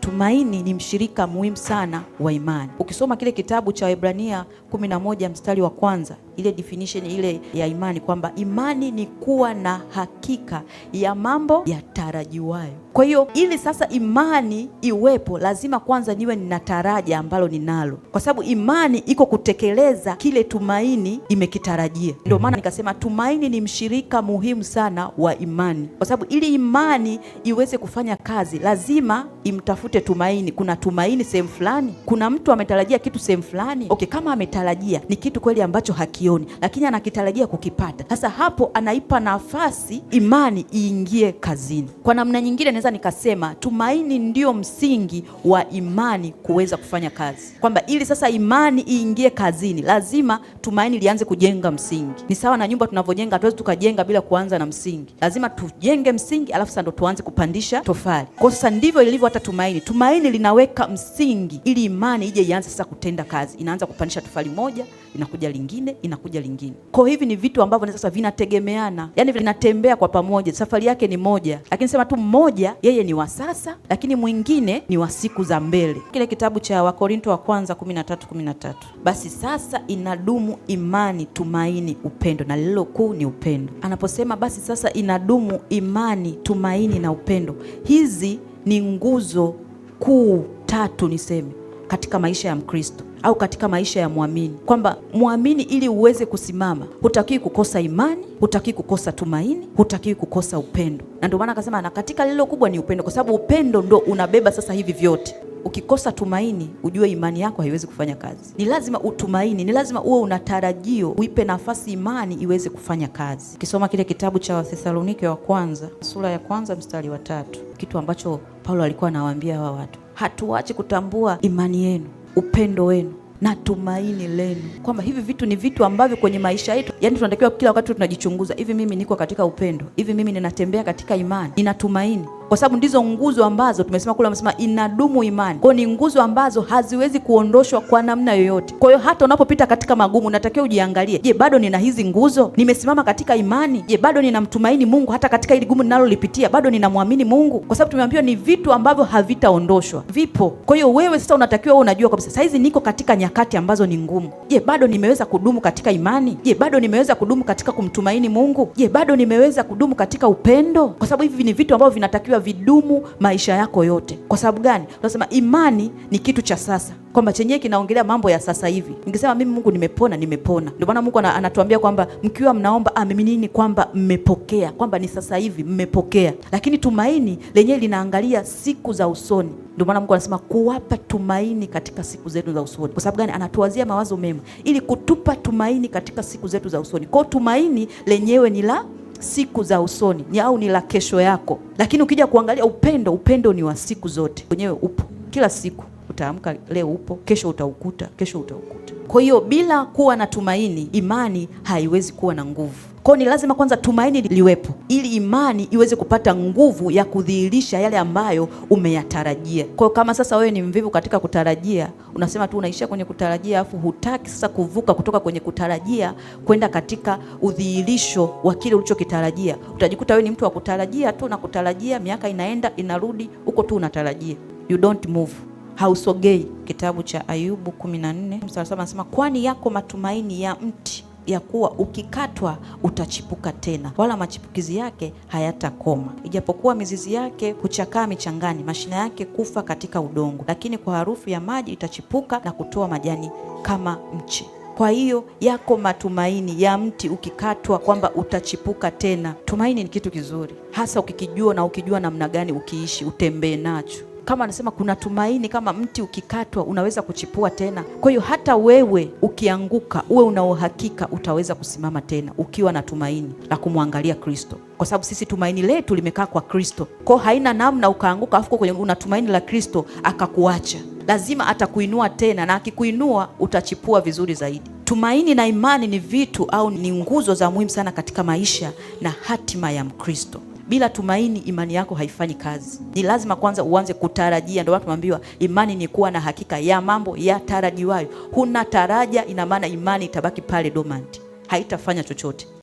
Tumaini ni mshirika muhimu sana wa imani. Ukisoma kile kitabu cha Waebrania 11 mstari wa kwanza ile definition ile ya imani kwamba imani ni kuwa na hakika ya mambo yatarajiwayo. Kwa hiyo ili sasa imani iwepo, lazima kwanza niwe nina taraja ambalo ninalo, kwa sababu imani iko kutekeleza kile tumaini imekitarajia. Ndio maana nikasema tumaini ni mshirika muhimu sana wa imani, kwa sababu ili imani iweze kufanya kazi lazima imtafute tumaini. Kuna tumaini sehemu fulani, kuna mtu ametarajia kitu sehemu fulani. Okay, kama ametarajia ni kitu kweli ambacho haki hakioni, lakini anakitarajia kukipata. Sasa hapo anaipa nafasi imani iingie kazini. Kwa namna nyingine, naweza nikasema tumaini ndio msingi wa imani kuweza kufanya kazi, kwamba ili sasa imani iingie kazini, lazima tumaini lianze kujenga msingi. Ni sawa na nyumba tunavyojenga, hatuwezi tukajenga bila kuanza na msingi. Lazima tujenge msingi, alafu sasa ndo tuanze kupandisha tofali. Kwa sasa ndivyo ilivyo hata tumaini. Tumaini linaweka msingi ili imani ije ianze sasa kutenda kazi, inaanza kupandisha tofali moja inakuja lingine, inakuja lingine. Kwa hivi ni vitu ambavyo sasa vinategemeana, yani vinatembea kwa pamoja, safari yake ni moja, lakini sema tu mmoja yeye ni wa sasa, lakini mwingine ni wa siku za mbele. Kile kitabu cha Wakorinto wa kwanza 13, basi sasa inadumu imani, tumaini, upendo, na lilo kuu ni upendo. Anaposema basi sasa inadumu imani, tumaini na upendo, hizi ni nguzo kuu tatu niseme katika maisha ya Mkristo au katika maisha ya mwamini, kwamba mwamini ili uweze kusimama, hutakiwi kukosa imani, hutakiwi kukosa tumaini, hutakiwi kukosa upendo. Na ndio maana akasema, na katika lilo kubwa ni upendo, kwa sababu upendo ndo unabeba sasa hivi vyote. Ukikosa tumaini, ujue imani yako haiwezi kufanya kazi. Ni lazima utumaini, ni lazima uwe una tarajio, uipe nafasi imani iweze kufanya kazi. Ukisoma kile kitabu cha Wathesalonike wa kwanza sura ya kwanza mstari wa tatu, kitu ambacho Paulo alikuwa anawaambia hawa watu, hatuache kutambua imani yenu upendo wenu na tumaini lenu, kwamba hivi vitu ni vitu ambavyo kwenye maisha yetu, yani tunatakiwa kila wakati tunajichunguza, hivi mimi niko katika upendo? Hivi mimi ninatembea katika imani, nina tumaini? kwa sababu ndizo nguzo ambazo tumesema kule, amesema inadumu imani. Kwa ni nguzo ambazo haziwezi kuondoshwa kwa namna yoyote. Kwa hiyo hata unapopita katika magumu, unatakiwa ujiangalie, je, bado nina hizi nguzo? Nimesimama katika imani? Je, bado ninamtumaini Mungu hata katika hili gumu ninalolipitia? Bado ninamwamini Mungu? Kwa sababu tumeambiwa ni vitu ambavyo havitaondoshwa, vipo. Kwa hiyo wewe sasa unatakiwa wewe unajua kabisa, saizi niko katika nyakati ambazo ni ngumu. Je, bado nimeweza kudumu katika imani? Je, bado nimeweza kudumu katika kumtumaini Mungu? Je, bado nimeweza kudumu katika upendo? Kwa sababu hivi ni vitu ambavyo vinatakiwa vidumu maisha yako yote. Kwa sababu gani? Unasema imani ni kitu cha sasa, kwamba chenyewe kinaongelea mambo ya sasa hivi. Ningesema mimi Mungu nimepona, nimepona. Ndio maana Mungu anatuambia kwamba mkiwa mnaomba aminini kwamba mmepokea, kwamba ni sasa hivi mmepokea. Lakini tumaini lenyewe linaangalia siku za usoni. Ndio maana Mungu anasema kuwapa tumaini katika siku zetu za usoni. Kwa sababu gani? Anatuwazia mawazo mema ili kutupa tumaini katika siku zetu za usoni. Kwao tumaini lenyewe ni la siku za usoni ni au ni la kesho yako, lakini ukija kuangalia upendo, upendo ni wa siku zote, wenyewe upo kila siku kutamka leo upo, kesho utaukuta, kesho utaukuta. Kwa hiyo bila kuwa na tumaini, imani haiwezi kuwa na nguvu. Kwa ni lazima kwanza tumaini liwepo, ili imani iweze kupata nguvu ya kudhihirisha yale ambayo umeyatarajia. Kwa kama sasa wewe ni mvivu katika kutarajia, unasema tu unaishia kwenye kutarajia, afu hutaki sasa kuvuka kutoka kwenye kutarajia kwenda katika udhihirisho wa kile ulichokitarajia, utajikuta wewe ni mtu wa kutarajia tu na kutarajia, miaka inaenda inarudi, huko tu unatarajia, you don't move hausogei. Kitabu cha Ayubu 14 mstari 7 anasema, kwani yako matumaini ya mti ya kuwa ukikatwa utachipuka tena, wala machipukizi yake hayatakoma. Ijapokuwa mizizi yake huchakaa michangani, mashina yake kufa katika udongo, lakini kwa harufu ya maji itachipuka na kutoa majani kama mche. Kwa hiyo yako matumaini ya mti ukikatwa, kwamba utachipuka tena. Tumaini ni kitu kizuri, hasa ukikijua na ukijua namna gani ukiishi, utembee nacho kama anasema kuna tumaini, kama mti ukikatwa unaweza kuchipua tena. Kwa hiyo hata wewe ukianguka, uwe una uhakika utaweza kusimama tena, ukiwa na tumaini la kumwangalia Kristo, kwa sababu sisi tumaini letu limekaa kwa Kristo. Kwa hiyo haina namna ukaanguka afu kwenye una tumaini la Kristo akakuacha, lazima atakuinua tena, na akikuinua utachipua vizuri zaidi. Tumaini na imani ni vitu au ni nguzo za muhimu sana katika maisha na hatima ya Mkristo. Bila tumaini, imani yako haifanyi kazi. Ni lazima kwanza uanze kutarajia. Ndio watu tunaambiwa imani ni kuwa na hakika ya mambo yatarajiwayo. Huna taraja, ina maana imani itabaki pale dormant, haitafanya chochote.